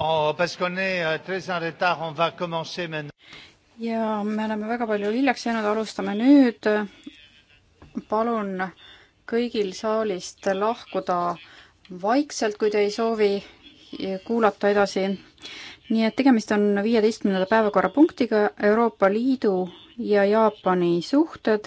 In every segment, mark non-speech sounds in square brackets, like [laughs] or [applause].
Oh, euh, ja me oleme väga palju hiljaks jäänud, alustame nüüd. palun kõigil saalist lahkuda vaikselt, kui te ei soovi kuulata edasi. nii et tegemist on viieteistkümnenda päevakorrapunktiga Euroopa Liidu ja Jaapani suhted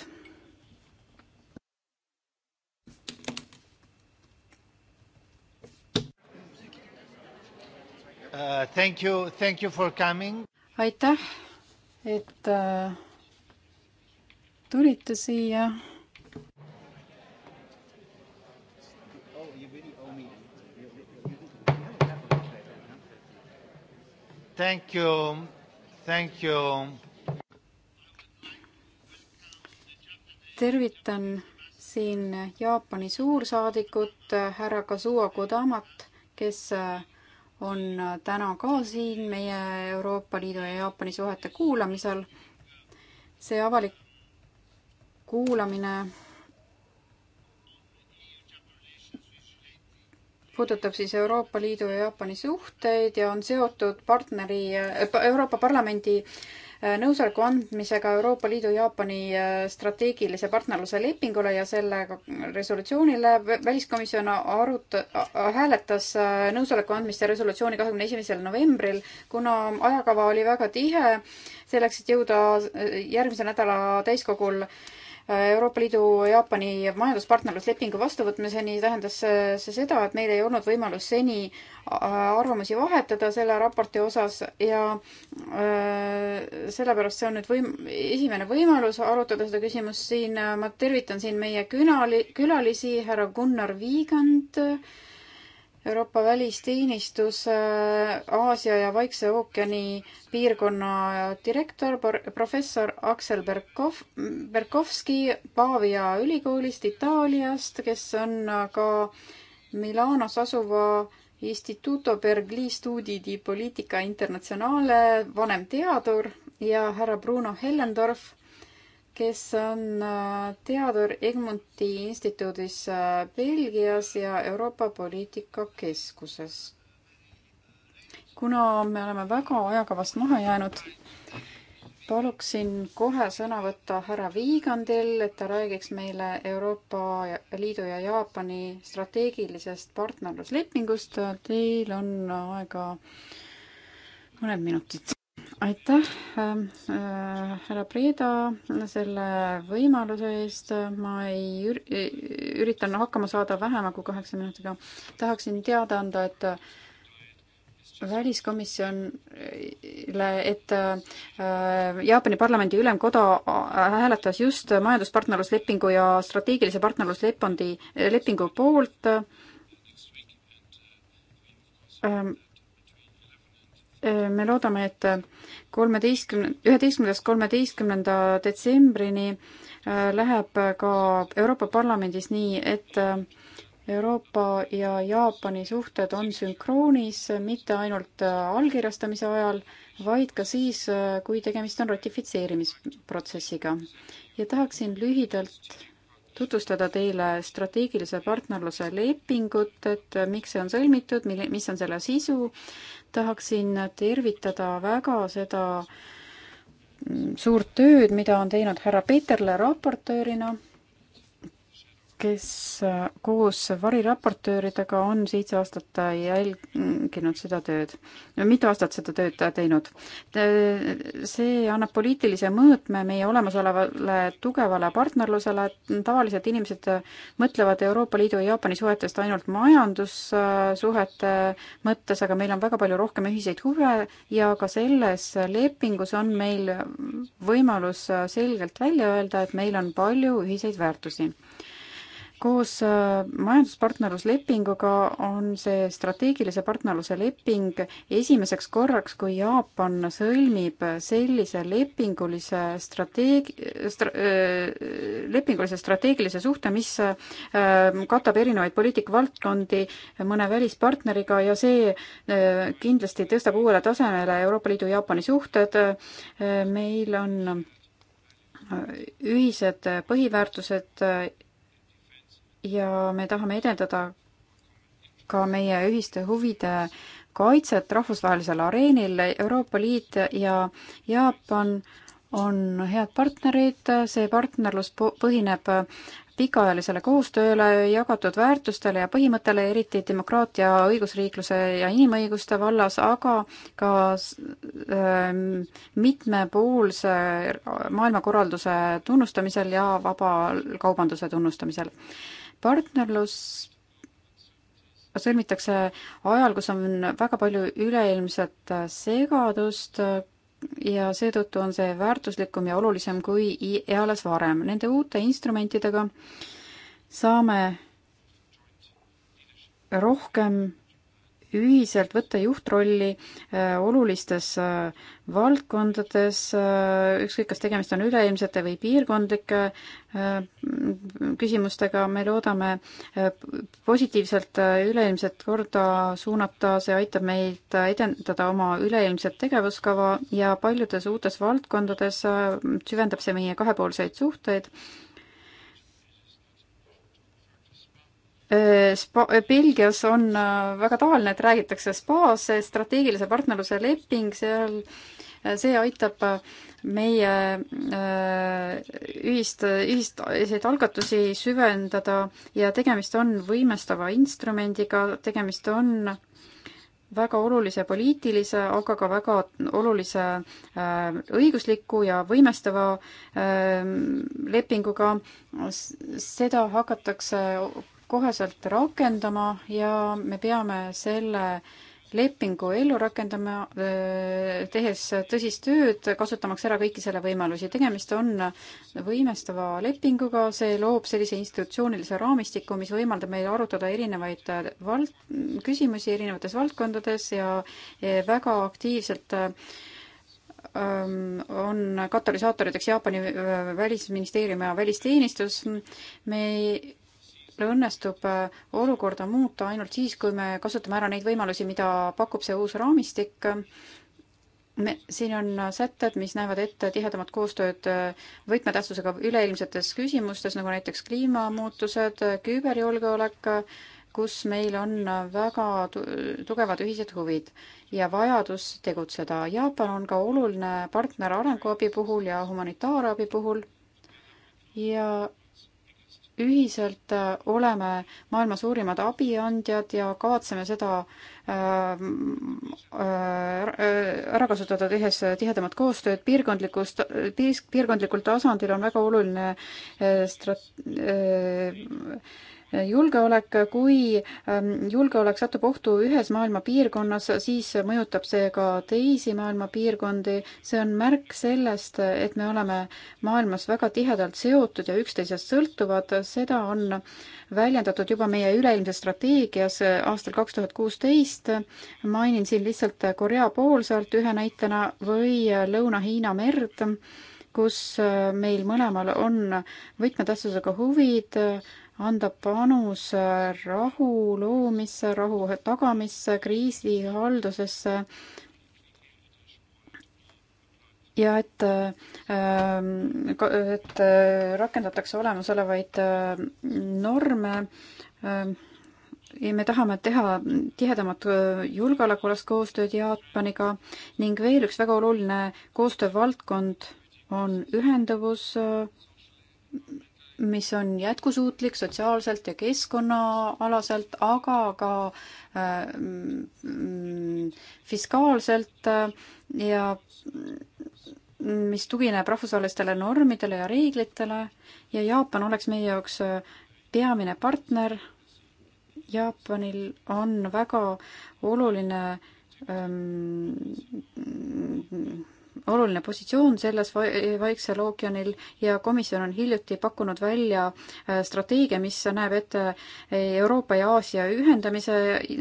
Thank you, thank you for coming. aitäh, et uh, tulite siia. Thank you, thank you. tervitan siin Jaapani suursaadikut härra Kazuo Kodamat, kes uh, on äh, täna ka siin meie Euroopa Liidu ja Jaapani suhete kuulamisel. see avalik kuulamine puudutab siis Euroopa Liidu ja Jaapani suhteid ja on seotud partneri, Euroopa Parlamendi Äh, nõusoleku andmisega Euroopa Liidu Jaapani äh, strateegilise partnerluse lepingule ja selle resolutsioonile. väliskomisjon arut-, hääletas äh, nõusoleku andmist ja resolutsiooni kahekümne esimesel novembril, kuna ajakava oli väga tihe selleks, et jõuda järgmise nädala täiskogul Euroopa Liidu Jaapani majanduspartnerluslepingu vastuvõtmiseni tähendas see seda, et meil ei olnud võimalus seni arvamusi vahetada selle raporti osas ja äh, sellepärast see on nüüd võim-, esimene võimalus arutada seda küsimust siin. ma tervitan siin meie künali-, külalisi, härra Gunnar Viigand, Euroopa välisteenistus, äh, Aasia ja Vaikse ookeani piirkonna direktor, professor Aksel Berkov, Berkovski Pavia ülikoolist Itaaliast, kes on ka Milanos asuva Instituto per gli studi di politica internazionale vanemteadur ja härra Bruno Hellendorf, kes on äh, teadur Egmonti instituudis äh, Belgias ja Euroopa Poliitika Keskuses. kuna me oleme väga ajakavast maha jäänud, paluksin kohe sõna võtta härra Viigandil, et ta räägiks meile Euroopa Liidu ja Jaapani strateegilisest partnerluslepingust. Teil on aega mõned minutid aitäh, ähm, äh, härra Preeda, selle võimaluse eest. ma ei ür-, üritan hakkama saada vähema kui kaheksa minutiga. tahaksin teada anda, et äh, väliskomisjonile, et äh, Jaapani parlamendi ülemkoda hääletas just majanduspartnerluslepingu ja strateegilise partnerluslepandi, lepingu poolt ähm, me loodame, et kolmeteistkümne, üheteistkümnendast kolmeteistkümnenda detsembrini läheb ka Euroopa Parlamendis nii, et Euroopa ja Jaapani suhted on sünkroonis mitte ainult allkirjastamise ajal, vaid ka siis, kui tegemist on ratifitseerimisprotsessiga. ja tahaksin lühidalt tutvustada teile strateegilise partnerluse lepingut, et miks see on sõlmitud, mille, mis on selle sisu. tahaksin tervitada väga seda mm, suurt tööd, mida on teinud härra Peterle raportöörina kes koos variraportööridega on seitse aastat jälginud seda tööd, mitu aastat seda tööd teinud. see annab poliitilise mõõtme meie olemasolevale tugevale partnerlusele, tavaliselt inimesed mõtlevad Euroopa Liidu ja Jaapani suhetest ainult majandussuhete mõttes, aga meil on väga palju rohkem ühiseid huve ja ka selles lepingus on meil võimalus selgelt välja öelda, et meil on palju ühiseid väärtusi koos äh, majanduspartnerluslepinguga on see strateegilise partnerluse leping esimeseks korraks, kui Jaapan sõlmib sellise lepingulise strateeg- stra,, äh, lepingulise strateegilise suhte, mis äh, katab erinevaid poliitikavaldkondi mõne välispartneriga ja see kindlasti tõstab uuele tasemele Euroopa Liidu ja Jaapani suhted. meil on ühised põhiväärtused ja me tahame edendada ka meie ühiste huvide kaitset rahvusvahelisel areenil. Euroopa Liit ja Jaapan on head partnerid, see partnerlus põhineb pikaajalisele koostööle, jagatud väärtustele ja põhimõttele, eriti demokraatia, õigusriikluse ja inimõiguste vallas, aga ka ähm, mitmepoolse maailmakorralduse tunnustamisel ja vaba kaubanduse tunnustamisel partnerlus sõlmitakse ajal, kus on väga palju üleilmset segadust ja seetõttu on see väärtuslikum ja olulisem kui eales varem. Nende uute instrumentidega saame rohkem ühiselt võtta juhtrolli äh, olulistes äh, valdkondades, äh, ükskõik, kas tegemist on üleilmsete või piirkondlike küsimustega, me loodame positiivselt üleilmset korda suunata, see aitab meid edendada oma üleilmset tegevuskava ja paljudes uutes valdkondades süvendab see meie kahepoolseid suhteid Äh, Spa-, äh, Belgias on äh, väga tavaline, et räägitakse spaas, strateegilise partnerluse leping seal, see aitab meie ühist, ühiseid algatusi süvendada ja tegemist on võimestava instrumendiga, tegemist on väga olulise poliitilise, aga ka väga olulise äh, õigusliku ja võimestava äh, lepinguga. seda hakatakse koheselt rakendama ja me peame selle lepingu ellu rakendama, tehes tõsist tööd, kasutamaks ära kõiki selle võimalusi. tegemist on võimestava lepinguga, see loob sellise institutsioonilise raamistiku, mis võimaldab meil arutada erinevaid vald-, küsimusi erinevates valdkondades ja väga aktiivselt ähm, on katalüsaatoriteks Jaapani välisministeerium ja välisteenistus. me õnnestub äh, olukorda muuta ainult siis, kui me kasutame ära neid võimalusi, mida pakub see uus raamistik. me, siin on sätted, mis näevad ette tihedamat koostööd äh, võtmetähtsusega üleilmsetes küsimustes, nagu näiteks kliimamuutused, äh, küberjulgeolek, kus meil on väga tugevad ühised huvid ja vajadus tegutseda. Jaapan on ka oluline partner arenguabi puhul ja humanitaarabi puhul ja ühiselt äh, oleme maailma suurimad abiandjad ja kavatseme seda äh, äh, ära kasutada, tehes tihedamat koostööd piirkondlikust, piirkondlikul tasandil on väga oluline strat-, julgeolek, kui ähm, julgeolek satub ohtu ühes maailma piirkonnas, siis mõjutab see ka teisi maailma piirkondi. see on märk sellest, et me oleme maailmas väga tihedalt seotud ja üksteisest sõltuvad. seda on väljendatud juba meie üleilmses strateegias aastal kaks tuhat kuusteist. mainin siin lihtsalt Korea poolsaart ühe näitena või Lõuna-Hiina merd kus meil mõlemal on võtmetähtsusega huvid, anda panuse äh, rahu loomisse, rahu tagamisse, kriisihaldusesse ja et, ähm, et äh, rakendatakse olemasolevaid äh, norme. Ähm, ja me tahame teha tihedamat julgeolekulast koostööd Jaapaniga ning veel üks väga oluline koostöövaldkond on ühendavus mis on jätkusuutlik sotsiaalselt ja keskkonnaalaselt, aga ka äh, fiskaalselt äh, ja mis tugineb rahvusvahelistele normidele ja reeglitele ja Jaapan oleks meie jaoks äh, peamine partner. Jaapanil on väga oluline ähm, oluline positsioon selles Vaiksel ookeanil ja komisjon on hiljuti pakkunud välja äh, strateegia, mis näeb ette äh, Euroopa ja Aasia ühendamise,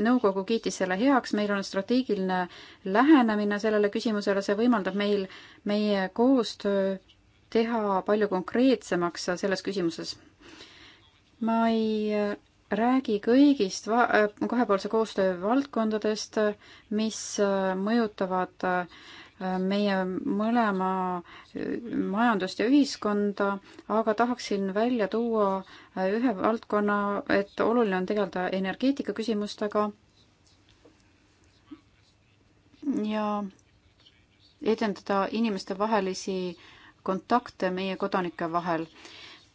nõukogu kiitis selle heaks, meil on strateegiline lähenemine sellele küsimusele, see võimaldab meil meie koostöö teha palju konkreetsemaks selles küsimuses. ma ei äh, räägi kõigist va-, kahepoolse koostöö valdkondadest, mis mõjutavad äh, meie mõlema äh, majandust ja ühiskonda, aga tahaksin välja tuua äh, ühe valdkonna, et oluline on tegeleda energeetika küsimustega ja edendada inimestevahelisi kontakte meie kodanike vahel.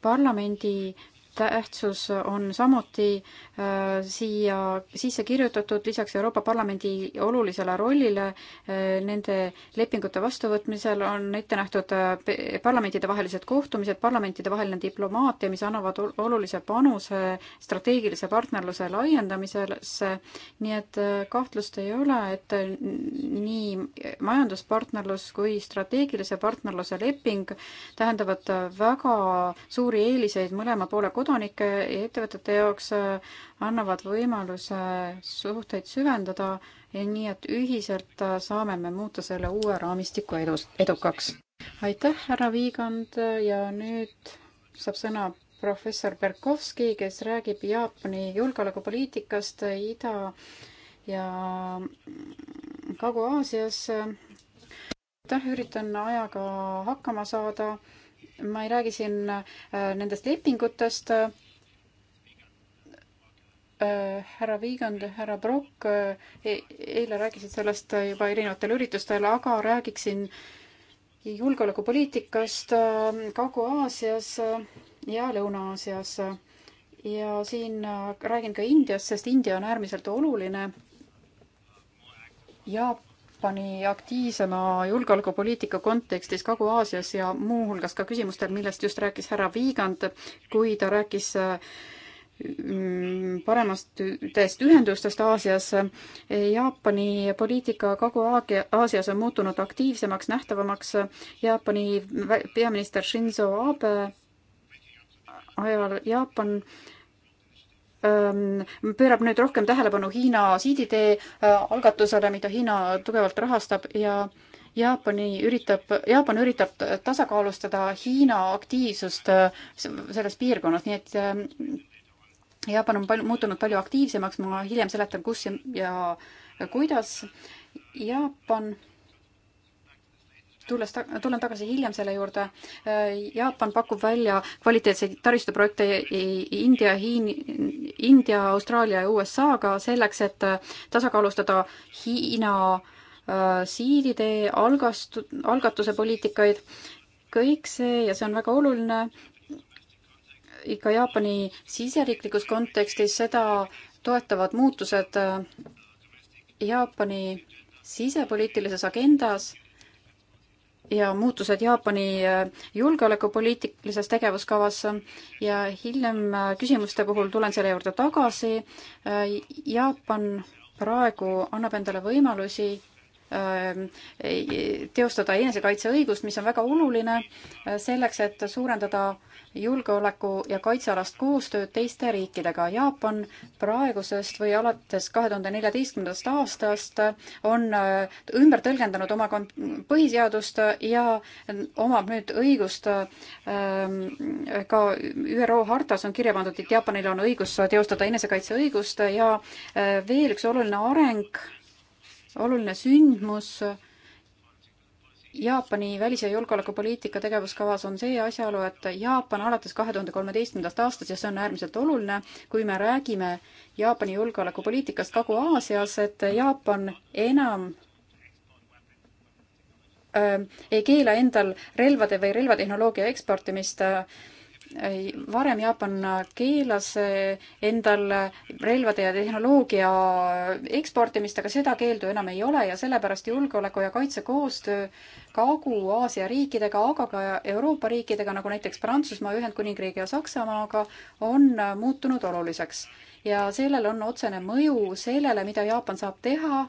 parlamendi tähtsus on samuti äh, siia sisse kirjutatud lisaks Euroopa Parlamendi olulisele rollile äh, nende lepingute vastuvõtmisel on ette nähtud äh, parlamentidevahelised kohtumised, parlamentidevaheline diplomaatia, mis annavad olulise panuse strateegilise partnerluse laiendamisesse. nii et kahtlust ei ole, et nii majanduspartnerlus kui strateegilise partnerluse leping tähendavad väga suuri eeliseid mõlema poole kodanikele, kodanike ja ettevõtete jaoks äh, annavad võimaluse suhteid süvendada, nii et ühiselt äh, saame me muuta selle uue raamistiku edus, edukaks. aitäh, härra Viigand ja nüüd saab sõna professor Berkovski, kes räägib Jaapani julgeolekupoliitikast Ida- ja Kagu-Aasias. aitäh, üritan ajaga hakkama saada ma ei räägi siin äh, nendest lepingutest. Äh, härra Viigand, härra Brock äh, e eile rääkisid sellest juba erinevatel üritustel, aga räägiksin julgeolekupoliitikast Kagu-Aasias ja Lõuna-Aasias. ja siin räägin ka Indiast, sest India on äärmiselt oluline ja Jaapani aktiivsema julgeolekupoliitika kontekstis Kagu-Aasias ja muuhulgas ka küsimustel, millest just rääkis härra Viigand, kui ta rääkis mm, parematest ühendustest Aasias. Jaapani poliitika Kagu-Aasias on muutunud aktiivsemaks, nähtavamaks. Jaapani peaminister Shinzo Abe ajal Jaapan äh, pöörab nüüd rohkem tähelepanu Hiina siiditee algatusele, mida Hiina tugevalt rahastab ja Jaapani üritab, Jaapan üritab tasakaalustada Hiina aktiivsust selles piirkonnas, nii et Jaapan on palju, muutunud palju aktiivsemaks, ma hiljem seletan, kus ja, ja kuidas. Jaapan tulles ta-, tulen tagasi hiljem selle juurde, äh, Jaapan pakub välja kvaliteetseid taristuprojekte India, Hiin-, India, Austraalia ja USA-ga selleks, et äh, tasakaalustada Hiina äh, siiditee algast-, algatuse poliitikaid, kõik see ja see on väga oluline, ikka Jaapani siseriiklikus kontekstis seda toetavad muutused Jaapani sisepoliitilises agendas ja muutused Jaapani äh, julgeolekupoliitilises tegevuskavas ja hiljem äh, küsimuste puhul tulen selle juurde tagasi. Äh, Jaapan praegu annab endale võimalusi Ähm, teostada enesekaitseõigust, mis on väga oluline äh, selleks, et suurendada julgeoleku ja kaitsealast koostööd teiste riikidega. Jaapan praegusest või alates kahe tuhande neljateistkümnendast aastast on äh, ümber tõlgendanud oma põhiseadust ja omab nüüd õigust ähm, ka ÜRO hartas on kirja pandud, et Jaapanil on õigus teostada enesekaitseõigust ja äh, veel üks oluline areng oluline sündmus Jaapani välis- ja julgeolekupoliitika tegevuskavas on see asjaolu, et Jaapan alates kahe tuhande kolmeteistkümnendast aastast ja see on äärmiselt oluline, kui me räägime Jaapani julgeolekupoliitikast Kagu-Aasias, et Jaapan enam äh, ei keela endal relvade või relvatehnoloogia eksportimist äh, varem Jaapan keelas eh, endal relvade ja tehnoloogia eksportimist, aga seda keeldu enam ei ole ja sellepärast julgeoleku ja kaitsekoostöö Kagu-Aasia riikidega, aga ka Euroopa riikidega, nagu näiteks Prantsusmaa, Ühendkuningriigi ja Saksamaaga, on muutunud oluliseks. ja sellel on otsene mõju sellele, mida Jaapan saab teha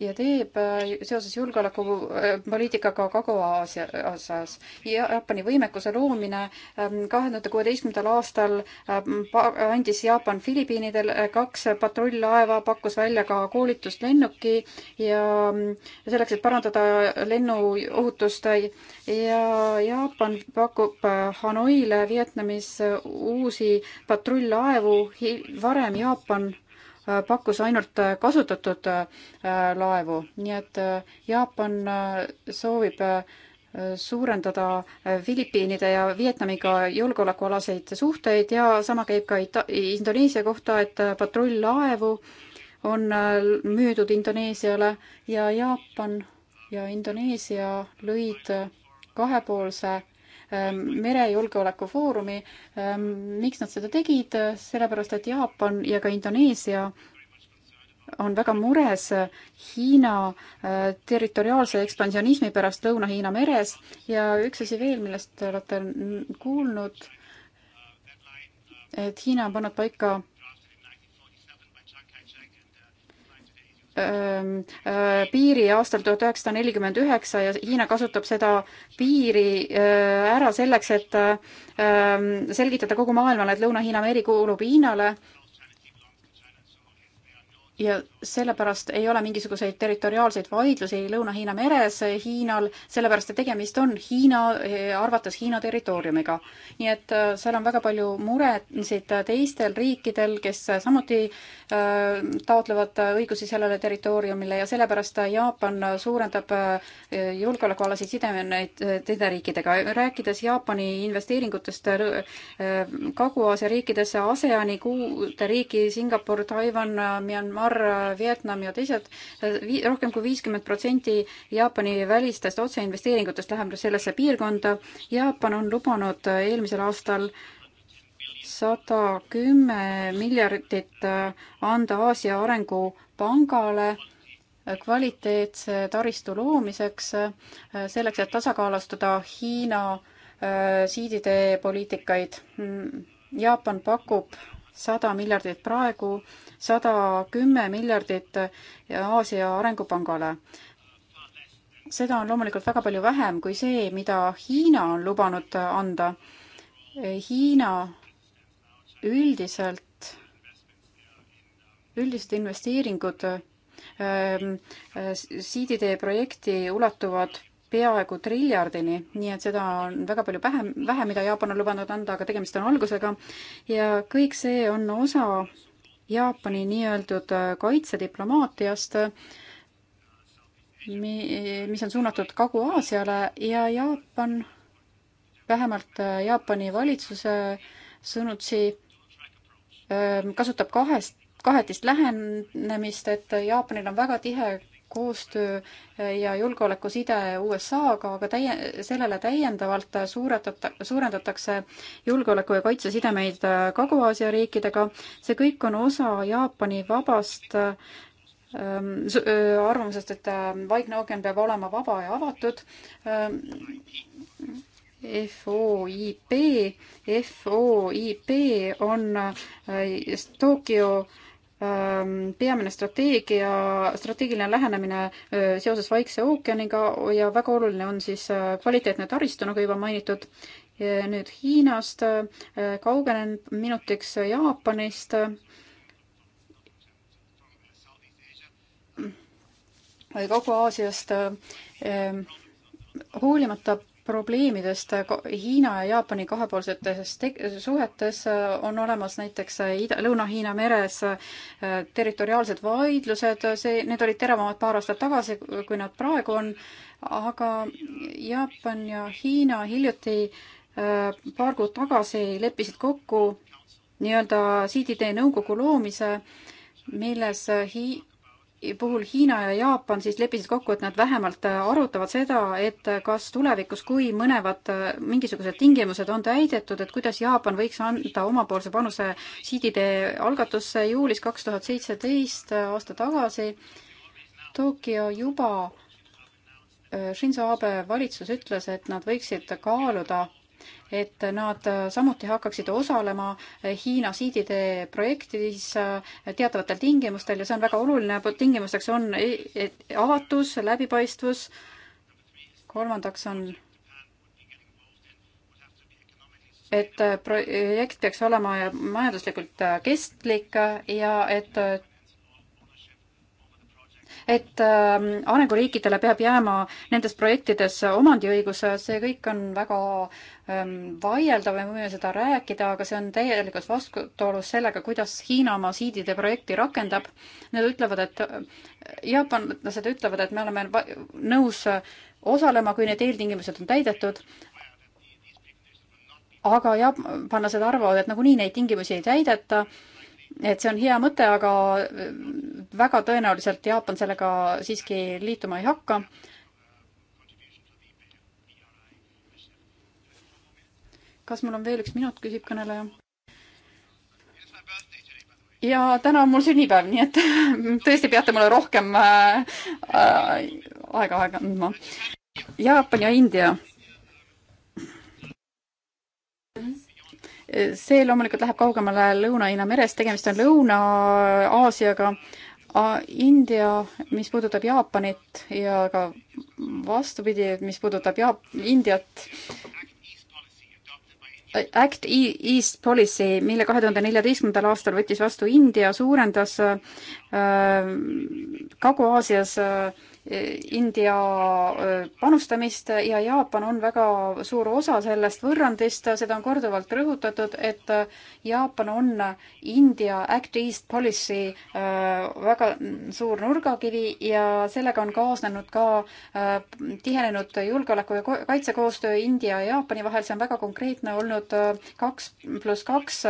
ja teeb äh, seoses julgeolekupoliitikaga Kagu-Aasia osas. Jaapani võimekuse loomine ähm, kahe tuhande kuueteistkümnendal aastal ähm, andis Jaapan Filipiinidele kaks patrull-laeva, pakkus välja ka koolitust lennuki ja ähm, selleks, et parandada lennuohutust äh, ja Jaapan pakub äh, Hanoile Vietnamis uusi patrull-laevu, varem Jaapan pakkus ainult kasutatud äh, laevu, nii et äh, Jaapan äh, soovib suurendada Filipiinide ja Vietnamiga julgeolekualaseid suhteid ja sama käib ka Ita-, Indoneesia kohta, et patrull-laevu on müüdud Indoneesiale ja Jaapan ja Indoneesia lõid kahepoolse Ähm, merejulgeoleku foorumi. Ähm, miks nad seda tegid? sellepärast, et Jaapan ja ka Indoneesia on väga mures Hiina äh, territoriaalse ekspansionismi pärast Lõuna-Hiina meres ja üks asi veel, millest te olete kuulnud, et Hiina on pannud paika piiri aastal tuhat üheksasada nelikümmend üheksa ja Hiina kasutab seda piiri ära selleks, et selgitada kogu maailmale, et Lõuna-Hiina meri kuulub Hiinale ja sellepärast ei ole mingisuguseid territoriaalseid vaidlusi Lõuna-Hiina meres eh, Hiinal, sellepärast et tegemist on Hiina, eh, arvates Hiina territooriumiga. nii et eh, seal on väga palju muresid teistel riikidel, kes samuti taotlevad õigusi sellele territooriumile ja sellepärast Jaapan suurendab julgeolekualaseid sidemeid teiste riikidega. rääkides Jaapani investeeringutest Kagu-Aasia riikidesse, ASEAN-i kuude riiki, Singapur, Taiwan, Myanmar, Myanmar, Vietnam ja teised, rohkem kui viiskümmend protsenti Jaapani välistest otseinvesteeringutest läheb sellesse piirkonda. Jaapan on lubanud eelmisel aastal sada kümme miljardit anda Aasia Arengupangale kvaliteetse taristu loomiseks, selleks, et tasakaalustada Hiina äh, siiditee poliitikaid. Mm, Jaapan pakub sada miljardit praegu, sada kümme miljardit Aasia Arengupangale. seda on loomulikult väga palju vähem kui see, mida Hiina on lubanud anda. Hiina üldiselt, üldised investeeringud ähm, äh, siiditee projekti ulatuvad peaaegu triljardini, nii et seda on väga palju vähem, vähe, mida Jaapan on lubanud anda, aga tegemist on algusega ja kõik see on osa Jaapani nii-öeldud äh, kaitsediplomaatiast, mi-, mis on suunatud Kagu-Aasiale ja Jaapan, vähemalt äh, Jaapani valitsuse sõnutsi äh, kasutab kahest, kahetist lähenemist, et Jaapanil on väga tihe koostöö eh, ja julgeolekuside USA-ga, aga täie, sellele täiendavalt suuretata, suurendatakse julgeoleku- ja kaitsesidemeid eh, Kagu-Aasia riikidega. see kõik on osa Jaapani vabast ehm, eh, arvamusest, et Vaikne ookean peab olema vaba ja avatud. Ehm, FOIP, FOIP on Tokyo Ehm, peamine strateegia, strateegiline lähenemine äh, seoses Vaikse ookeaniga ja väga oluline on siis äh, kvaliteetne taristu, nagu juba mainitud. nüüd Hiinast, äh, kaugenen minutiks Jaapanist. Kagu-Aasiast ehm, hoolimata probleemidest Hiina ja Jaapani kahepoolsetes suhetes on olemas näiteks Ida, Lõuna-Hiina meres territoriaalsed vaidlused, see, need olid teravamad paar aastat tagasi, kui nad praegu on, aga Jaapan ja Hiina hiljuti äh, paar kuud tagasi leppisid kokku nii-öelda siiditee nõukogu loomise, milles Hi-, puhul Hiina ja Jaapan siis leppisid kokku, et nad vähemalt äh, arutavad seda, et äh, kas tulevikus, kui mõnevad äh, mingisugused tingimused on täidetud, et kuidas Jaapan võiks anda omapoolse panuse siiditee algatusse juulis kaks tuhat seitseteist aasta tagasi. Tokyo juba Shinzo Abe valitsus ütles, et nad võiksid kaaluda et nad samuti hakkaksid osalema Hiina siidide projektis teatavatel tingimustel ja see on väga oluline, tingimusteks on e-, e-, avatus, läbipaistvus, kolmandaks on et projekt peaks olema majanduslikult kestlik ja et et äh, arenguriikidele peab jääma nendes projektides omandiõigus, see kõik on väga vaielda, me võime seda rääkida, aga see on täielikult vastuolus sellega, kuidas Hiina oma siidide projekti rakendab. Nad ütlevad, et jaapanlased ütlevad, et me oleme nõus äh, osalema, kui need eeltingimused on täidetud. aga jaapanlased arvavad, et nagunii neid tingimusi ei täideta et see on hea mõte, aga äh, väga tõenäoliselt Jaapan sellega siiski liituma ei hakka. kas mul on veel üks minut, küsib kõneleja. ja täna on mul sünnipäev, nii et [laughs] tõesti peate mulle rohkem äh, äh, aega aega andma. Jaapan ja India. see loomulikult läheb kaugemale Lõuna-Hiina merest, tegemist on Lõuna-Aasiaga India, mis puudutab Jaapanit ja ka vastupidi, mis puudutab Jaap-, Indiat, Act e-, East Policy, mille kahe tuhande neljateistkümnendal aastal võttis vastu India, suurendas äh, Kagu-Aasias äh, India panustamist ja Jaapan on väga suur osa sellest võrrandist, seda on korduvalt rõhutatud, et Jaapan on India Act East Policy väga suur nurgakivi ja sellega on kaasnenud ka tihenenud julgeoleku ja kaitsekoostöö India ja Jaapani vahel, see on väga konkreetne olnud kaks pluss kaks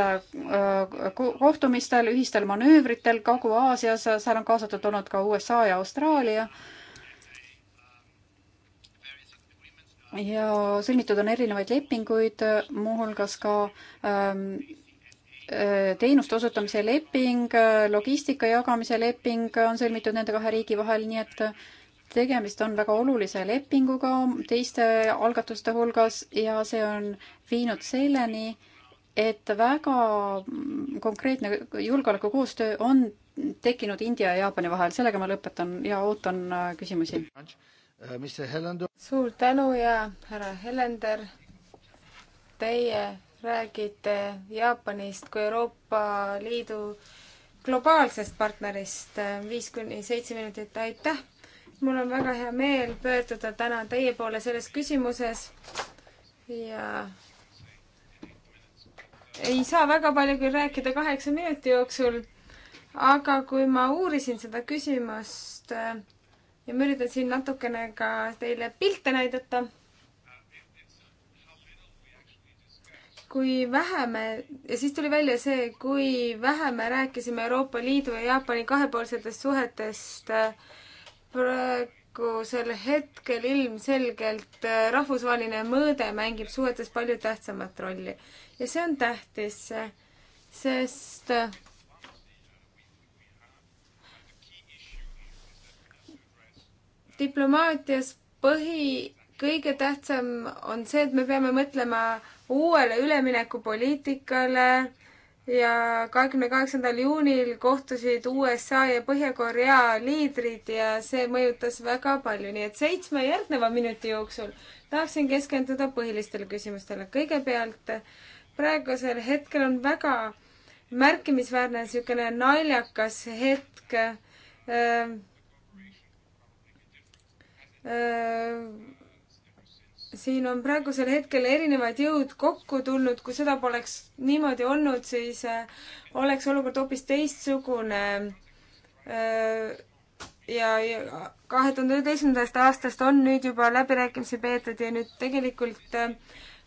kohtumistel, ühistel manöövritel Kagu-Aasias, seal on kaasatud olnud ka USA ja Austraalia ja sõlmitud on erinevaid lepinguid, muuhulgas ka ähm, äh, teenuste osutamise leping, logistika jagamise leping on sõlmitud nende kahe riigi vahel, nii et tegemist on väga olulise lepinguga teiste algatuste hulgas ja see on viinud selleni, et väga konkreetne julgeolekukoostöö on tekkinud India ja Jaapani vahel. sellega ma lõpetan ja ootan äh, küsimusi. Äh, suur tänu ja härra Helender, teie räägite Jaapanist kui Euroopa Liidu globaalsest partnerist äh, viis kuni seitse minutit, aitäh! mul on väga hea meel pöörduda täna teie poole selles küsimuses ja ei saa väga palju küll rääkida kaheksa minuti jooksul, aga kui ma uurisin seda küsimust äh, ja ma üritan siin natukene ka teile pilte näidata. kui vähe me, ja siis tuli välja see, kui vähe me rääkisime Euroopa Liidu ja Jaapani kahepoolsetest suhetest praegusel hetkel ilmselgelt rahvusvaheline mõõde mängib suhetes palju tähtsamat rolli ja see on tähtis, sest diplomaatias põhi, kõige tähtsam on see, et me peame mõtlema uuele üleminekupoliitikale ja kahekümne kaheksandal juunil kohtusid USA ja Põhja-Korea liidrid ja see mõjutas väga palju, nii et seitsme järgneva minuti jooksul tahaksin keskenduda põhilistele küsimustele. kõigepealt praegusel hetkel on väga märkimisväärne niisugune naljakas hetk äh, Äh, siin on praegusel hetkel erinevad jõud kokku tulnud, kui seda poleks niimoodi olnud, siis äh, oleks olukord hoopis teistsugune. Äh, ja kahe tuhande üheteistkümnendast aastast on nüüd juba läbirääkimisi peetud ja nüüd tegelikult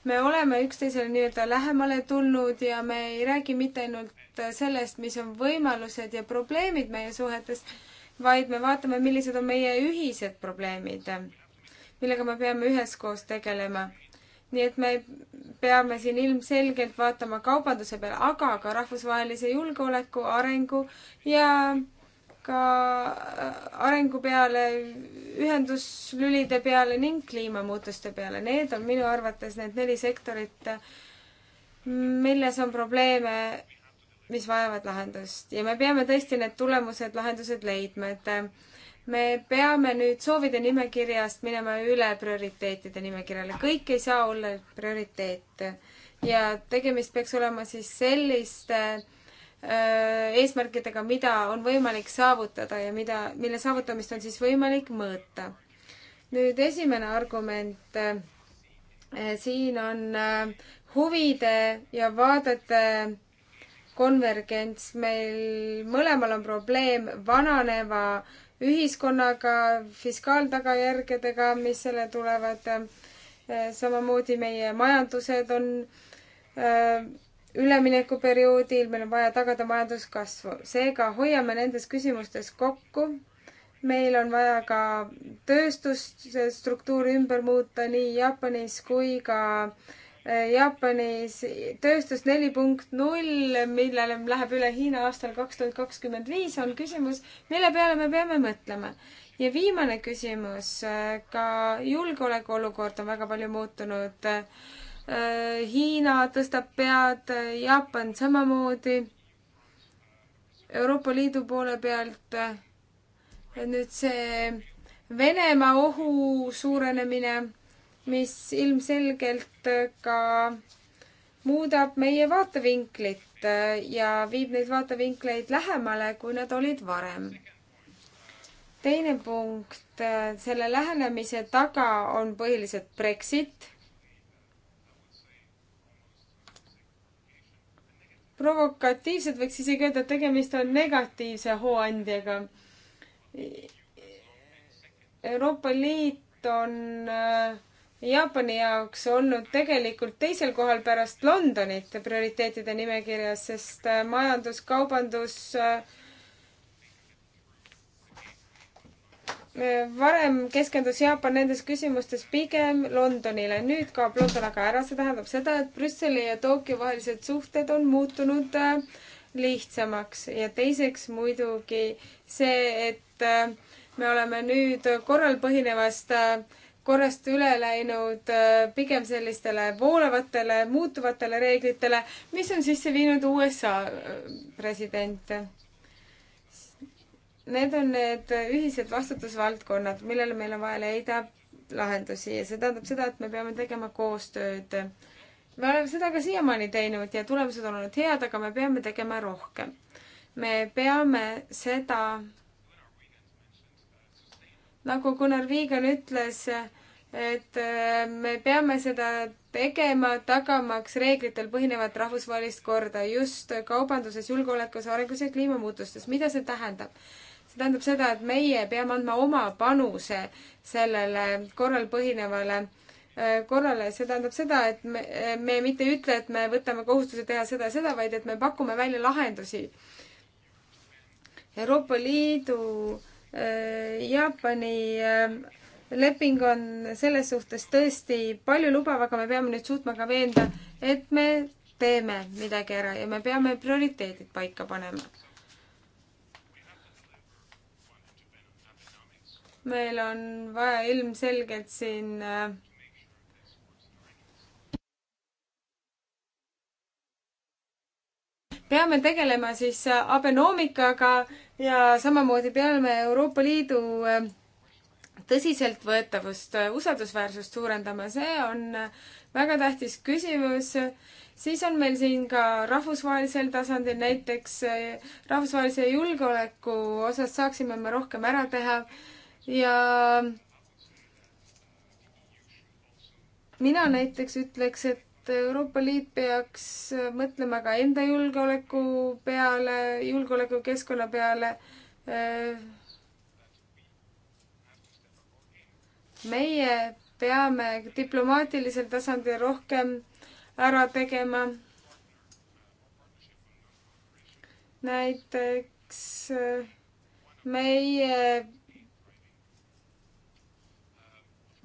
me oleme üksteisele nii-öelda lähemale tulnud ja me ei räägi mitte ainult sellest, mis on võimalused ja probleemid meie suhetes vaid me vaatame, millised on meie ühised probleemid, millega me peame üheskoos tegelema. nii et me peame siin ilmselgelt vaatama kaubanduse peale, aga ka rahvusvahelise julgeoleku, arengu ja ka äh, arengu peale, ühenduslülide peale ning kliimamuutuste peale. Need on minu arvates need neli sektorit, milles on probleeme mis vajavad lahendust ja me peame tõesti need tulemused, lahendused leidma, et me peame nüüd soovide nimekirjast minema üle prioriteetide nimekirjale, kõik ei saa olla prioriteet ja tegemist peaks olema siis selliste öö, äh, eesmärkidega, mida on võimalik saavutada ja mida, mille saavutamist on siis võimalik mõõta. nüüd esimene argument. Äh, siin on äh, huvide ja vaadete konvergents, meil mõlemal on probleem vananeva ühiskonnaga, fiskaaltagajärgedega, mis selle tulevad. Eh, samamoodi meie majandused on eh, üleminekuperioodil, meil on vaja tagada majanduskasvu, seega hoiame nendes küsimustes kokku. meil on vaja ka tööstusstruktuuri ümber muuta nii Jaapanis kui ka äh, Jaapanis tööstus neli punkt null, millele läheb üle Hiina aastal kaks tuhat kakskümmend viis, on küsimus, mille peale me peame mõtlema. ja viimane küsimus, ka julgeolekuolukord on väga palju muutunud. Hiina tõstab pead, Jaapan samamoodi. Euroopa Liidu poole pealt nüüd see Venemaa ohu suurenemine mis ilmselgelt ka muudab meie vaatevinklit äh, ja viib neid vaatevinkleid lähemale, kui nad olid varem. teine punkt, äh, selle lähenemise taga on põhiliselt Brexit. provokatiivselt võiks isegi öelda, et tegemist on negatiivse hooandjaga. Euroopa Liit on äh, Jaapani jaoks olnud tegelikult teisel kohal pärast Londonit prioriteetide nimekirjas, sest äh, majandus, kaubandus äh, varem keskendus Jaapan nendes küsimustes pigem Londonile, nüüd kaob London aga ära, see tähendab seda, et Brüsseli ja Tokyo vahelised suhted on muutunud äh, lihtsamaks ja teiseks muidugi see, et me oleme nüüd korral põhinevast äh, korrast üle läinud äh, pigem sellistele voolavatele, muutuvatele reeglitele, mis on sisse viinud USA äh, president. Need on need ühised vastutusvaldkonnad, millele meil on vaja leida lahendusi ja see tähendab seda, et me peame tegema koostööd. me oleme seda ka siiamaani teinud ja tulemused on olnud head, aga me peame tegema rohkem. me peame seda nagu Gunnar Viigan ütles, et äh, me peame seda tegema, tagamaks reeglitel põhinevat rahvusvahelist korda just kaubanduses, julgeolekus, arengus ja kliimamuutustes. mida see tähendab? see tähendab seda, et meie peame andma oma panuse sellele korral põhinevale äh, korrale, see tähendab seda, et me, äh, me mitte ei ütle, et me võtame kohustuse teha seda ja seda, vaid et me pakume välja lahendusi. Euroopa Liidu äh, Äh, Jaapani äh, leping on selles suhtes tõesti paljulubav, aga me peame nüüd suutma ka veenda, et me teeme midagi ära ja me peame prioriteedid paika panema. meil on vaja ilmselgelt siin äh, peame tegelema siis abenoomikaga ja samamoodi peame Euroopa Liidu äh, tõsiseltvõetavust, äh, usaldusväärsust suurendama, see on äh, väga tähtis küsimus. siis on meil siin ka rahvusvahelisel tasandil näiteks rahvusvahelise julgeoleku osas saaksime me rohkem ära teha ja mina näiteks ütleks, et Euroopa Liit peaks mõtlema ka enda julgeoleku peale, julgeolekukeskkonna peale. meie peame diplomaatilisel tasandil rohkem ära tegema. näiteks meie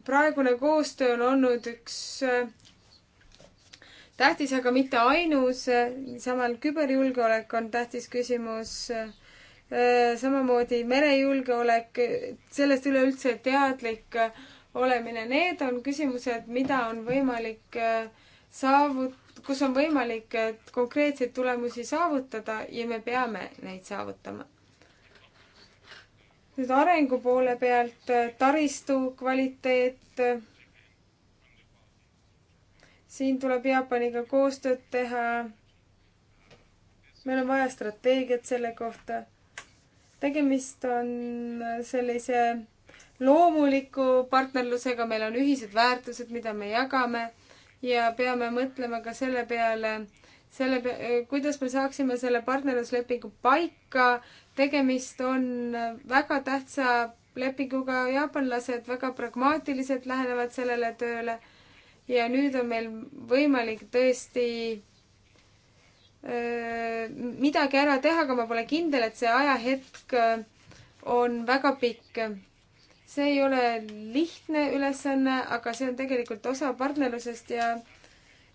praegune koostöö on olnud üks tähtis, aga mitte ainus. samal küberjulgeolek on tähtis küsimus. samamoodi merejulgeolek, sellest üleüldse teadlik olemine, need on küsimused, mida on võimalik äh, saavut-, kus on võimalik konkreetseid tulemusi saavutada ja me peame neid saavutama. nüüd arengu poole pealt äh, taristu kvaliteet siin tuleb Jaapaniga koostööd teha. meil on vaja strateegiat selle kohta. tegemist on sellise loomuliku partnerlusega, meil on ühised väärtused, mida me jagame ja peame mõtlema ka selle peale, selle, kuidas me saaksime selle partnerluslepingu paika. tegemist on väga tähtsa lepinguga, jaapanlased väga pragmaatiliselt lähenevad sellele tööle ja nüüd on meil võimalik tõesti öö, midagi ära teha, aga ma pole kindel, et see ajahetk on väga pikk. see ei ole lihtne ülesanne, aga see on tegelikult osa partnerlusest ja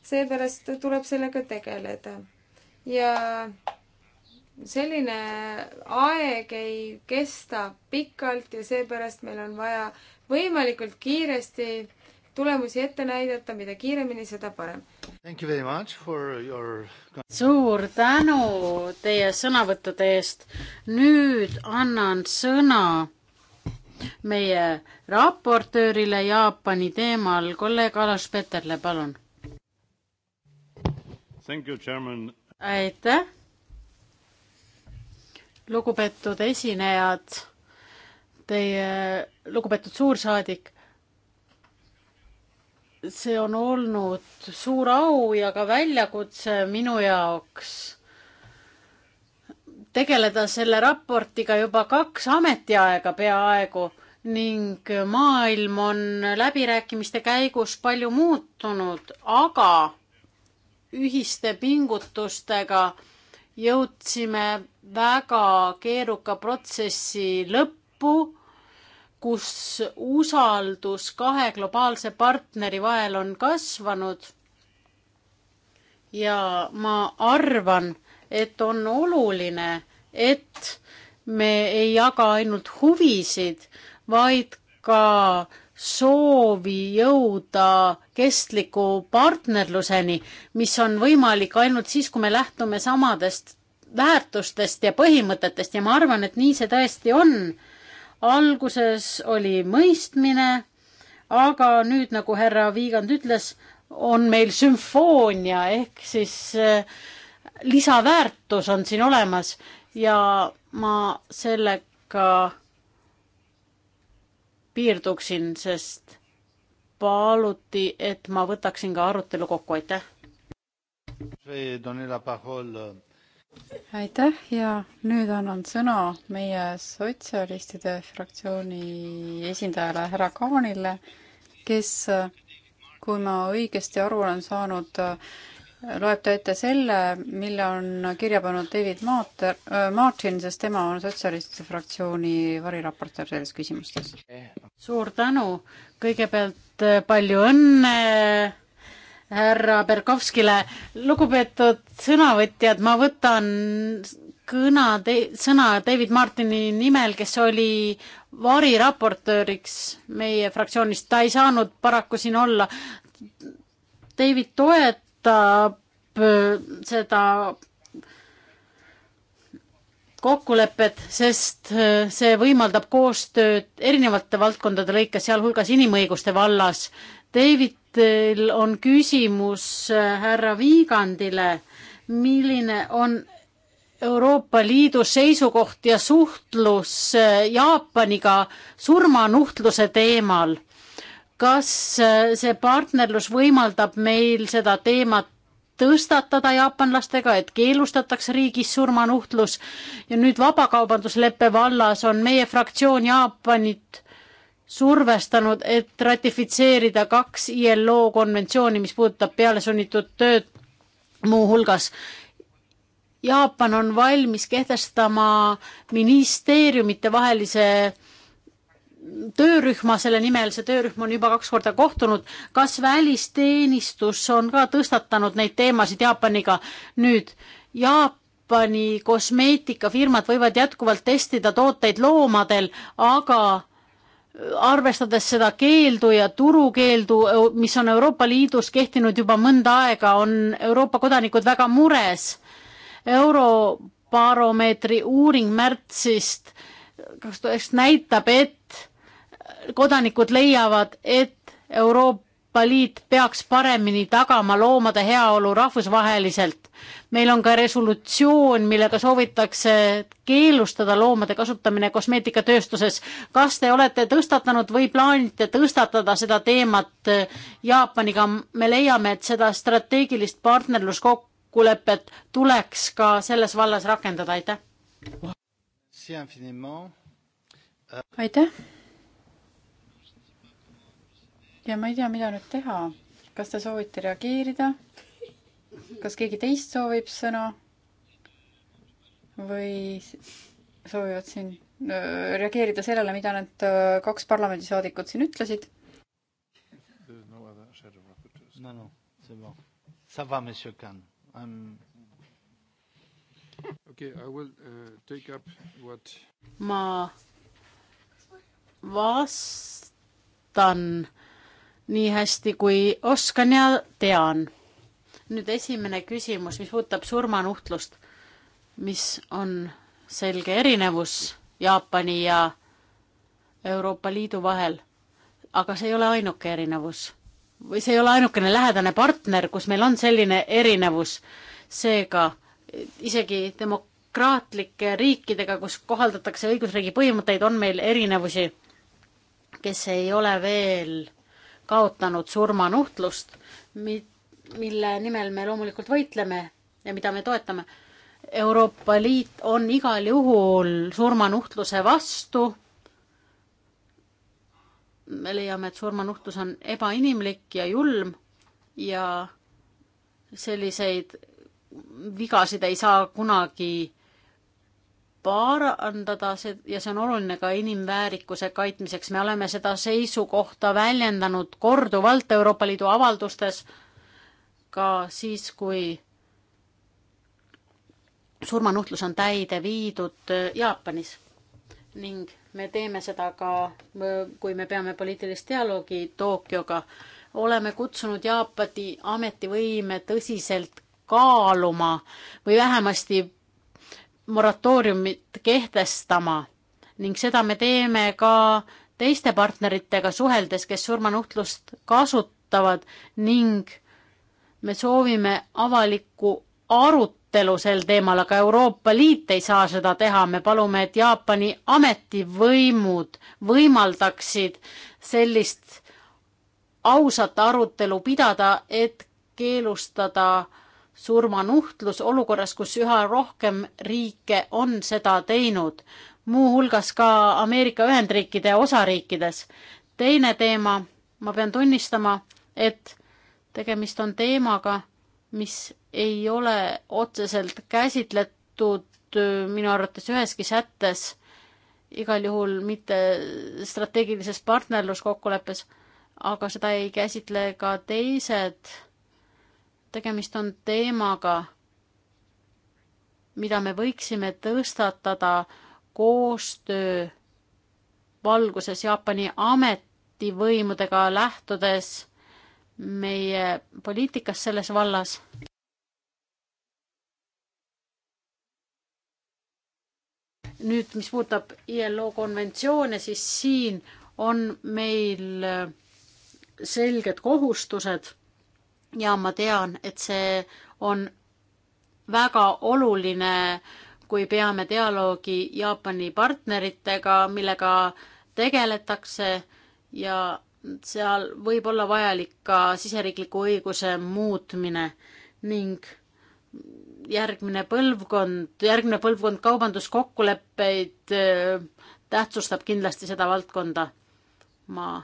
seepärast tuleb sellega tegeleda. ja selline aeg ei kesta pikalt ja seepärast meil on vaja võimalikult kiiresti tulemusi ette näidata, mida kiiremini, seda parem. Your... suur tänu teie sõnavõttude eest. nüüd annan sõna meie raportöörile Jaapani teemal, kolleeg Alas Peterle, palun. aitäh. lugupeetud esinejad, teie, lugupeetud suursaadik see on olnud suur au ja ka väljakutse minu jaoks tegeleda selle raportiga juba kaks ametiaega peaaegu ning maailm on läbirääkimiste käigus palju muutunud, aga ühiste pingutustega jõudsime väga keeruka protsessi lõppu kus usaldus kahe globaalse partneri vahel on kasvanud. ja ma arvan, et on oluline, et me ei jaga ainult huvisid, vaid ka soovi jõuda kestliku partnerluseni, mis on võimalik ainult siis, kui me lähtume samadest väärtustest ja põhimõtetest ja ma arvan, et nii see tõesti on alguses oli mõistmine, aga nüüd, nagu härra Viigand ütles, on meil sümfoonia ehk siis äh, lisaväärtus on siin olemas ja ma sellega piirduksin, sest paluti, et ma võtaksin ka arutelu kokku, aitäh aitäh ja nüüd annan sõna meie sotsialistide fraktsiooni esindajale härra Kaanile, kes, kui ma õigesti aru olen saanud, loeb ta ette selle, mille on kirja pannud David Maater, Martin, sest tema on sotsialistide fraktsiooni variraportöör selles küsimustes. suur tänu, kõigepealt palju õnne härra Berkovskile. lugupeetud sõnavõtjad, ma võtan kõna, sõna David Martini nimel, kes oli variraportööriks meie fraktsioonist, ta ei saanud paraku siin olla. David toetab äh, seda kokkulepped, sest äh, see võimaldab koostööd erinevate valdkondade lõikes, sealhulgas inimõiguste vallas. David, teil on küsimus äh, härra Viigandile, milline on Euroopa Liidu seisukoht ja suhtlus äh, Jaapaniga surmanuhtluse teemal. kas äh, see partnerlus võimaldab meil seda teemat tõstatada jaapanlastega, et keelustatakse riigis surmanuhtlus ja nüüd vabakaubandusleppe vallas on meie fraktsioon Jaapanit survestanud, et ratifitseerida kaks ILO konventsiooni, mis puudutab pealesunnitud tööd muuhulgas. Jaapan on valmis kehtestama ministeeriumite vahelise töörühma selle nimel, see töörühm on juba kaks korda kohtunud. kas välisteenistus on ka tõstatanud neid teemasid Jaapaniga nüüd? Jaapani kosmeetikafirmad võivad jätkuvalt testida tooteid loomadel, aga arvestades seda keeldu ja turukeeldu, mis on Euroopa Liidus kehtinud juba mõnda aega, on Euroopa kodanikud väga mures. Eurobaromeetri uuring märtsist kaks tuhat üheksa näitab, et kodanikud leiavad, et Euroopa Euroopa Liit peaks paremini tagama loomade heaolu rahvusvaheliselt. meil on ka resolutsioon, millega soovitakse keelustada loomade kasutamine kosmeetikatööstuses. kas te olete tõstatanud või plaanite tõstatada seda teemat Jaapaniga? me leiame, et seda strateegilist partnerluskokkulepet tuleks ka selles vallas rakendada, aitäh! aitäh! ja ma ei tea, mida nüüd teha. kas te soovite reageerida? kas keegi teist soovib sõna? või soovivad siin reageerida sellele, mida need kaks parlamendisaadikut siin ütlesid? No, no, c'est bon. Ça va, Monsieur Kahn. I'm... Um, okay, I will uh, take up what... ma vastan nii hästi kui oskan ja tean. nüüd esimene küsimus, mis puudutab surmanuhtlust, mis on selge erinevus Jaapani ja Euroopa Liidu vahel. aga see ei ole ainuke erinevus või see ei ole ainukene lähedane partner, kus meil on selline erinevus. seega isegi demokraatlike riikidega, kus kohaldatakse õigusriigi põhimõtteid, on meil erinevusi, kes ei ole veel kaotanud surmanuhtlust, mille nimel me loomulikult võitleme ja mida me toetame. Euroopa Liit on igal juhul surmanuhtluse vastu. me leiame, et surmanuhtlus on ebainimlik ja julm ja selliseid vigasid ei saa kunagi parandada ja see on oluline ka inimväärikuse kaitmiseks. me oleme seda seisukohta väljendanud korduvalt Euroopa Liidu avaldustes, ka siis, kui surmanuhtlus on täide viidud Jaapanis ning me teeme seda ka, kui me peame poliitilist dialoogi Tokyoga. oleme kutsunud Jaapani ametivõime tõsiselt kaaluma või vähemasti moratooriumit kehtestama ning seda me teeme ka teiste partneritega suheldes, kes surmanuhtlust kasutavad ning me soovime avalikku arutelu sel teemal, aga Euroopa Liit ei saa seda teha, me palume, et Jaapani ametivõimud võimaldaksid sellist ausat arutelu pidada, et keelustada äh, surmanuhtlus olukorras, kus üha rohkem riike on seda teinud, muuhulgas ka Ameerika Ühendriikide osariikides. teine teema, ma pean tunnistama, et tegemist on teemaga, mis ei ole otseselt käsitletud äh, minu arvates üheski sättes, igal juhul mitte strateegilises partnerluskokkuleppes, aga seda ei käsitle ka teised tegemist on teemaga, mida me võiksime tõstatada koostöö valguses Jaapani ametivõimudega, lähtudes meie poliitikast selles vallas. nüüd, mis puudutab ILO konventsioone, siis siin on meil selged kohustused ja ma tean, et see on väga oluline, kui peame dialoogi Jaapani partneritega, millega tegeletakse ja seal võib olla vajalik ka siseriikliku õiguse muutmine ning järgmine põlvkond, järgmine põlvkond kaubanduskokkuleppeid äh, tähtsustab kindlasti seda valdkonda. ma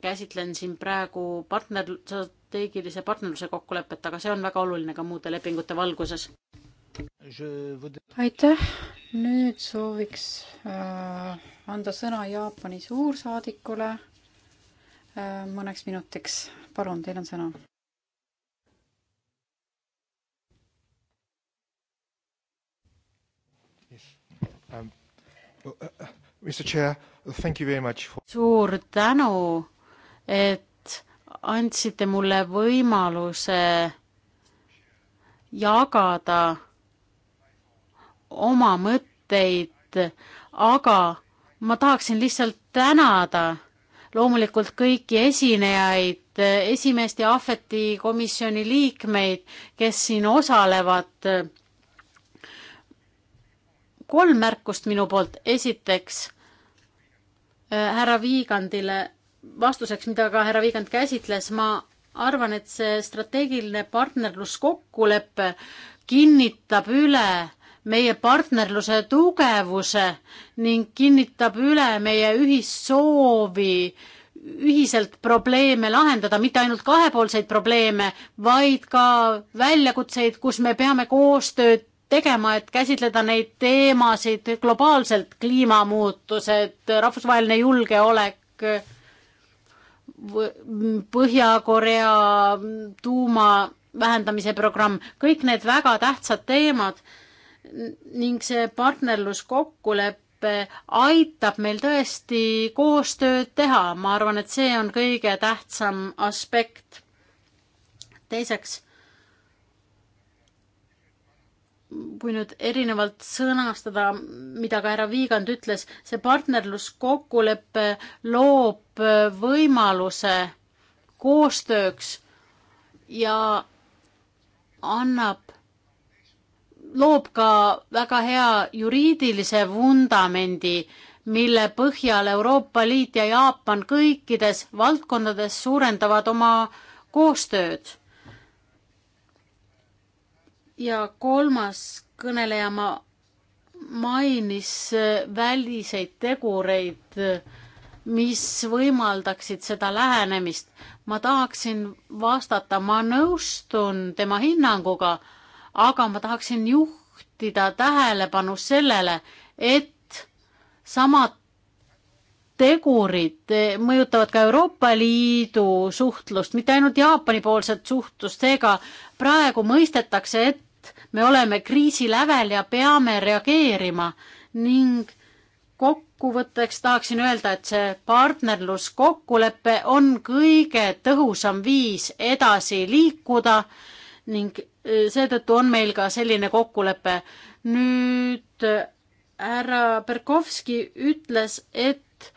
käsitlen siin praegu partner, strateegilise partnerluse kokkulepet, aga see on väga oluline ka muude lepingute valguses. aitäh, nüüd sooviks äh, anda sõna Jaapani suursaadikule äh, mõneks minutiks. palun, teil on sõna. Um, uh, uh, Mr Chair, thank you very much for suur tänu, et andsite mulle võimaluse jagada oma mõtteid, aga ma tahaksin lihtsalt tänada loomulikult kõiki esinejaid, esimeest ja ahveti komisjoni liikmeid, kes siin osalevad. kolm märkust minu poolt, esiteks äh, härra Viigandile vastuseks, mida ka härra Viigand käsitles, ma arvan, et see strateegiline partnerluskokkulepe kinnitab üle meie partnerluse tugevuse ning kinnitab üle meie ühissoovi ühiselt probleeme lahendada, mitte ainult kahepoolseid probleeme, vaid ka väljakutseid, kus me peame koostööd tegema, et käsitleda neid teemasid globaalselt, kliimamuutused, rahvusvaheline julgeolek Põhja-Korea tuuma vähendamise programm, kõik need väga tähtsad teemad ning see partnerluskokkulepe aitab meil tõesti koostööd teha, ma arvan, et see on kõige tähtsam aspekt. teiseks kui nüüd erinevalt sõnastada, mida ka härra Viigand ütles, see partnerluskokkulepe loob võimaluse koostööks ja annab, loob ka väga hea juriidilise vundamendi, mille põhjal Euroopa Liit ja Jaapan kõikides valdkondades suurendavad oma koostööd ja kolmas kõneleja ma mainis äh, väliseid tegureid, äh, mis võimaldaksid seda lähenemist. ma tahaksin vastata, ma nõustun tema hinnanguga, aga ma tahaksin juhtida tähelepanu sellele, et samad tegurid äh, mõjutavad ka Euroopa Liidu suhtlust, mitte ainult Jaapani-poolset suhtlust, seega praegu mõistetakse, et me oleme kriisi lävel ja peame reageerima ning kokkuvõtteks tahaksin öelda, et see partnerluskokkulepe on kõige tõhusam viis edasi liikuda ning e, seetõttu on meil ka selline kokkulepe. nüüd e, härra Berkovski ütles, et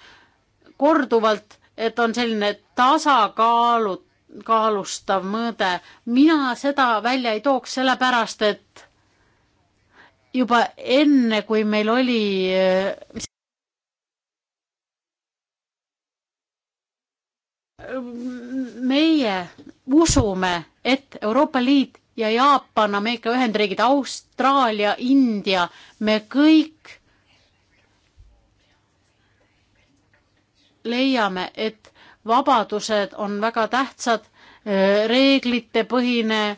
korduvalt, et on selline tasakaalutu kaalustav mõõde. mina seda välja ei tooks, sellepärast et juba enne, kui meil oli meie usume, et Euroopa Liit ja Jaapan, Ameerika Ühendriigid, Austraalia, India, me kõik leiame, et vabadused on väga tähtsad, reeglitepõhine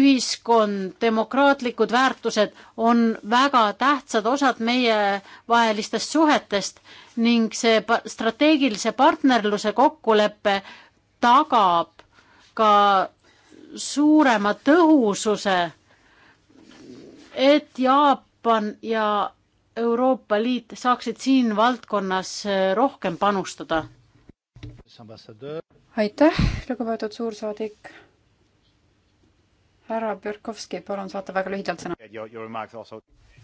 ühiskond, demokraatlikud väärtused on väga tähtsad osad meievahelistest suhetest ning see strateegilise partnerluse kokkulepe tagab ka suurema tõhususe, et Jaapan ja Euroopa Liit saaksid siin valdkonnas eh, rohkem panustada aitäh, lugupeetud suursaadik. härra Björkovski, palun saate väga lühidalt sõna.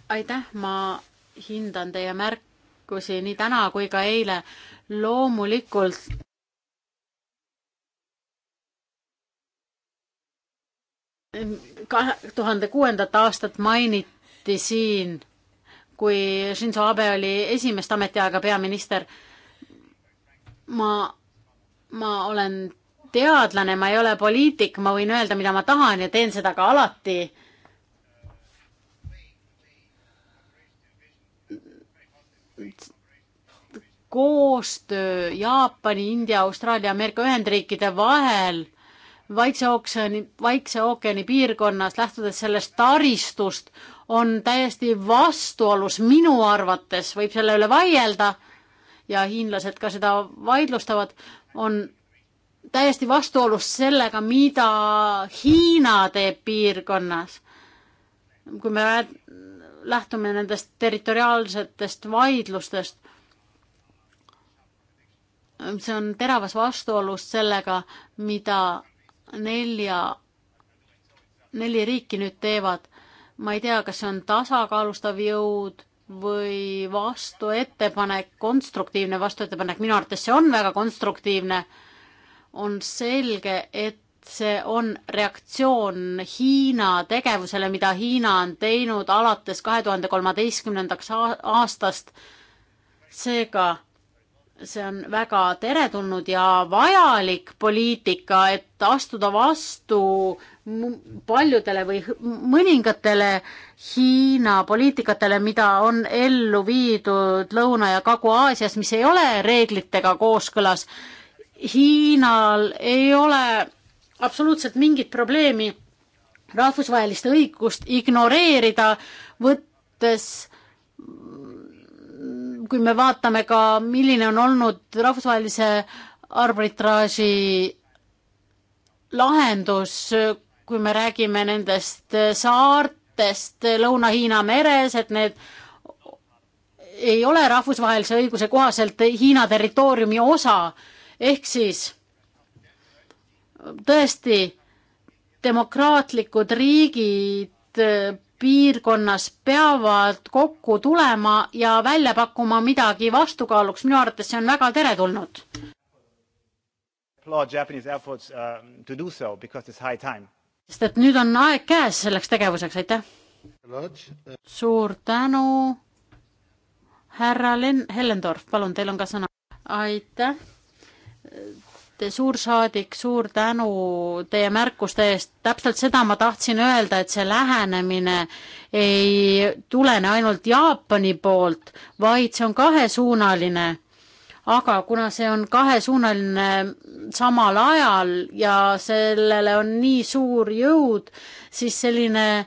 aitäh, ma hindan teie märkusi nii täna kui ka eile. loomulikult kahe tuhande kuuendat aastat mainiti siin, kui Shinzo Abe oli esimest ametiaega peaminister. ma ma olen teadlane, ma ei ole poliitik, ma võin öelda, mida ma tahan ja teen seda ka alati. koostöö Jaapani, India, Austraalia, Ameerika Ühendriikide vahel Vaikse ookeani, Vaikse ookeani piirkonnas, lähtudes sellest taristust, on täiesti vastuolus minu arvates, võib selle üle vaielda ja hiinlased ka seda vaidlustavad, on täiesti vastuolus sellega, mida Hiina teeb piirkonnas. kui me lähtume nendest territoriaalsetest vaidlustest, see on teravas vastuolus sellega, mida nelja, neli riiki nüüd teevad. ma ei tea, kas see on tasakaalustav jõud või vastuettepanek, konstruktiivne vastuettepanek, minu arvates see on väga konstruktiivne, on selge, et see on reaktsioon Hiina tegevusele, mida Hiina on teinud alates kahe tuhande kolmeteistkümnendaks aastast. seega see on väga teretulnud ja vajalik poliitika, et astuda vastu paljudele või mõningatele Hiina poliitikatele, mida on ellu viidud Lõuna- ja Kagu-Aasias, mis ei ole reeglitega kooskõlas. Hiinal ei ole absoluutselt mingit probleemi rahvusvahelist õigust ignoreerida, võttes kui me vaatame ka, milline on olnud rahvusvahelise arbitraaži lahendus kui me räägime nendest äh, saartest äh, Lõuna-Hiina meres, et need ei ole rahvusvahelise õiguse kohaselt Hiina territooriumi osa, ehk siis tõesti demokraatlikud riigid äh, piirkonnas peavad kokku tulema ja välja pakkuma midagi vastukaaluks, minu arvates see on väga teretulnud. Applaud Japanese efforts uh, to do so because it's high time sest et nüüd on aeg käes selleks tegevuseks, aitäh. suur tänu. härra Len-, Hellendorf, palun, teil on ka sõna. aitäh. Te suursaadik, suur tänu teie märkuste eest. täpselt seda ma tahtsin öelda, et see lähenemine ei tulene ainult Jaapani poolt, vaid see on kahesuunaline aga kuna see on kahesuunaline samal ajal ja sellele on nii suur jõud, siis selline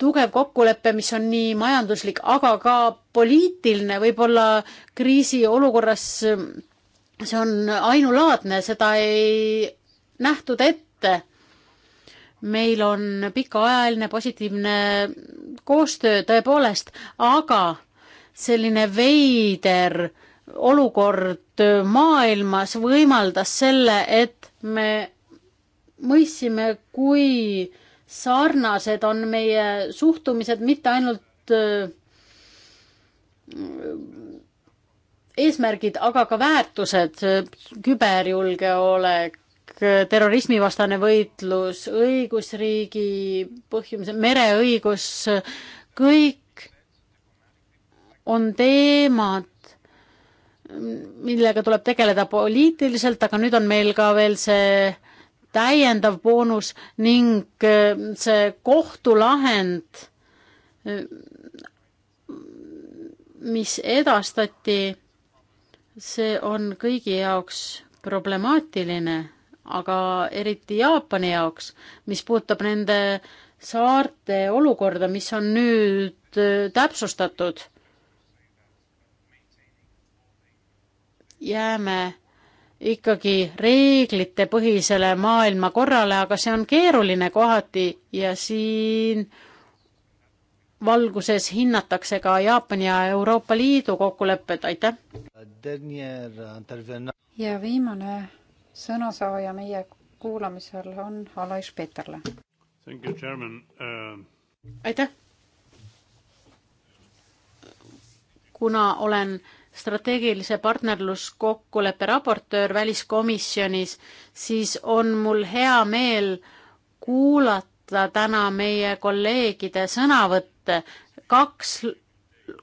tugev kokkulepe, mis on nii majanduslik, aga ka poliitiline, võib-olla kriisiolukorras see on ainulaadne, seda ei nähtud ette. meil on pikaajaline positiivne koostöö tõepoolest, aga selline veider äh, olukord maailmas võimaldas selle, et me mõistsime, kui sarnased on meie suhtumised mitte ainult äh, eesmärgid, aga ka väärtused, küberjulgeolek, terrorismivastane võitlus, õigusriigi põhjumise, mereõigus, kõik on teemad, millega tuleb tegeleda poliitiliselt, aga nüüd on meil ka veel see täiendav boonus ning äh, see kohtulahend, äh, mis edastati, see on kõigi jaoks problemaatiline, aga eriti Jaapani jaoks, mis puudutab nende saarte olukorda, mis on nüüd äh, täpsustatud jääme ikkagi reeglitepõhisele maailmakorrale, aga see on keeruline kohati ja siin valguses hinnatakse ka Jaapani ja Euroopa Liidu kokkulepped, aitäh! ja viimane sõnasaaja meie kuulamisel on Alais Peterle. Uh... aitäh! kuna olen strateegilise partnerluskokkuleppe raportöör väliskomisjonis, siis on mul hea meel kuulata täna meie kolleegide sõnavõtte. kaks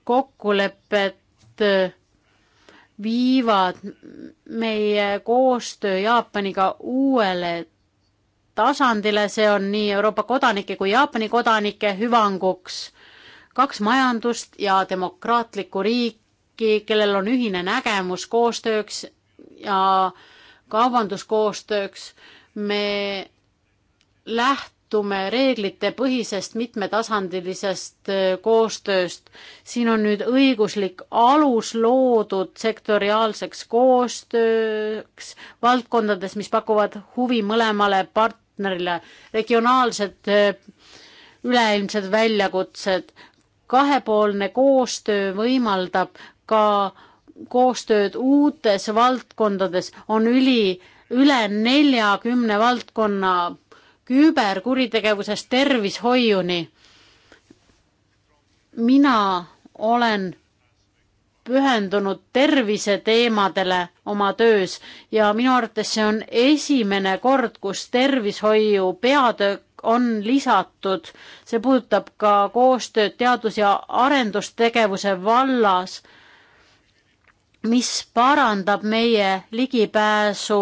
kokkulepet äh, viivad meie koostöö Jaapaniga uuele tasandile, see on nii Euroopa kodanike kui Jaapani kodanike hüvanguks. kaks majandust ja demokraatlikku riiki riiki, kellel on ühine nägemus koostööks ja kaubanduskoostööks. me lähtume reeglitepõhisest mitmetasandilisest äh, koostööst. siin on nüüd õiguslik alus loodud sektoriaalseks koostööks valdkondades, mis pakuvad huvi mõlemale partnerile, regionaalsed äh, üleilmsed väljakutsed, kahepoolne koostöö võimaldab ka koostööd uutes valdkondades, on üli, üle neljakümne valdkonna küberkuritegevusest tervishoiuni. mina olen pühendunud terviseteemadele oma töös ja minu arvates see on esimene kord, kus tervishoiu peatükk on lisatud. see puudutab ka koostööd teadus- ja arendustegevuse vallas mis parandab meie ligipääsu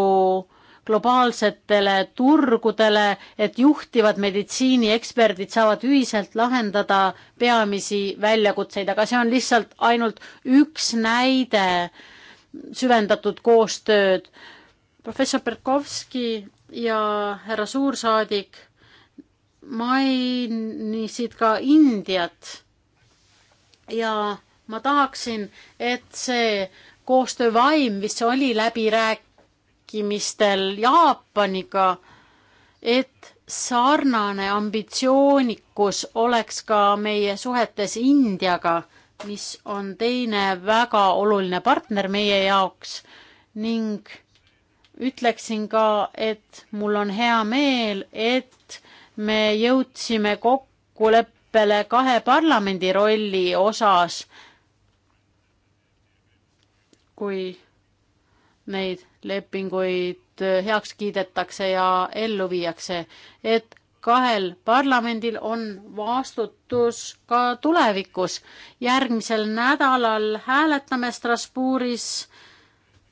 globaalsetele turgudele, et juhtivad meditsiinieksperdid saavad ühiselt lahendada peamisi väljakutseid, aga see on lihtsalt ainult üks näide süvendatud koostööd. professor Berkovski ja härra suursaadik mainisid ka Indiat ja ma tahaksin, et see koostöövaim, mis oli läbirääkimistel Jaapaniga, et sarnane ambitsioonikus oleks ka meie suhetes Indiaga, mis on teine väga oluline partner meie jaoks ning ütleksin ka, et mul on hea meel, et me jõudsime kokkuleppele kahe parlamendi rolli osas kui neid lepinguid äh, heaks kiidetakse ja ellu viiakse, et kahel parlamendil on vastutus ka tulevikus. järgmisel nädalal hääletame Strasbourgis.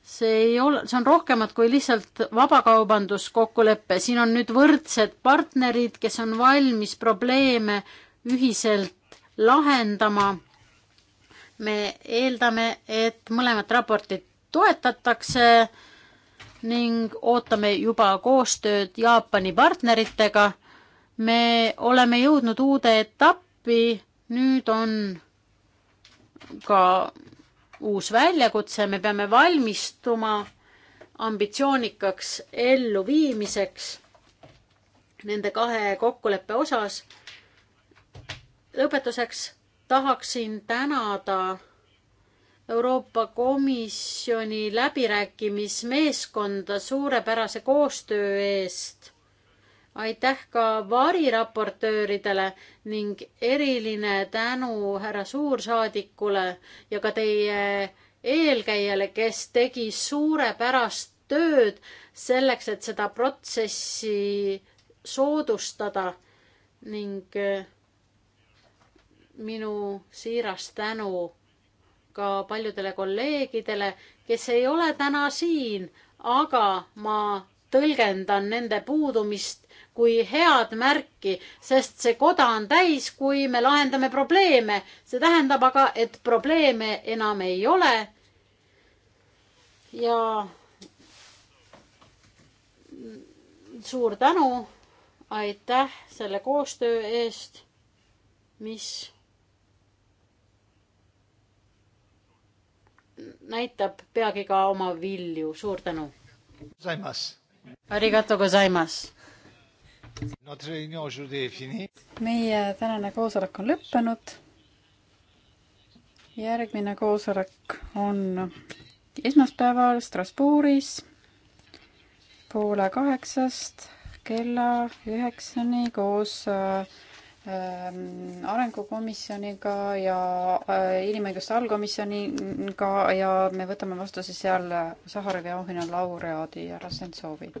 see ei ole, see on rohkemat kui lihtsalt vabakaubanduskokkulepe, siin on nüüd võrdsed partnerid, kes on valmis probleeme ühiselt lahendama me eeldame, et mõlemat raportit toetatakse ning ootame juba koostööd Jaapani partneritega. me oleme jõudnud uude etappi, nüüd on ka uus väljakutse, me peame valmistuma ambitsioonikaks elluviimiseks nende kahe kokkuleppe osas. lõpetuseks tahaksin tänada Euroopa Komisjoni läbirääkimismeeskonda suurepärase koostöö eest. aitäh ka variraportööridele ning eriline tänu härra suursaadikule ja ka teie eelkäijale, kes tegi suurepärast tööd selleks, et seda protsessi soodustada ning minu siiras tänu ka paljudele kolleegidele, kes ei ole täna siin, aga ma tõlgendan nende puudumist kui head märki, sest see koda on täis, kui me lahendame probleeme. see tähendab aga, et probleeme enam ei ole. ja suur tänu, aitäh selle koostöö eest, mis näitab peagi ka oma vilju, suur tänu. Arigato gozaimas. meie tänane koosolek on lõppenud. järgmine koosolek on esmaspäeval Strasbourgis poole kaheksast kella üheksani koos äh, Ähm, arengukomisjoniga ja äh, inimõiguste allkomisjoniga ja me võtame vastu siis seal Saharovi auhinna laureaadi härra Sentsovi.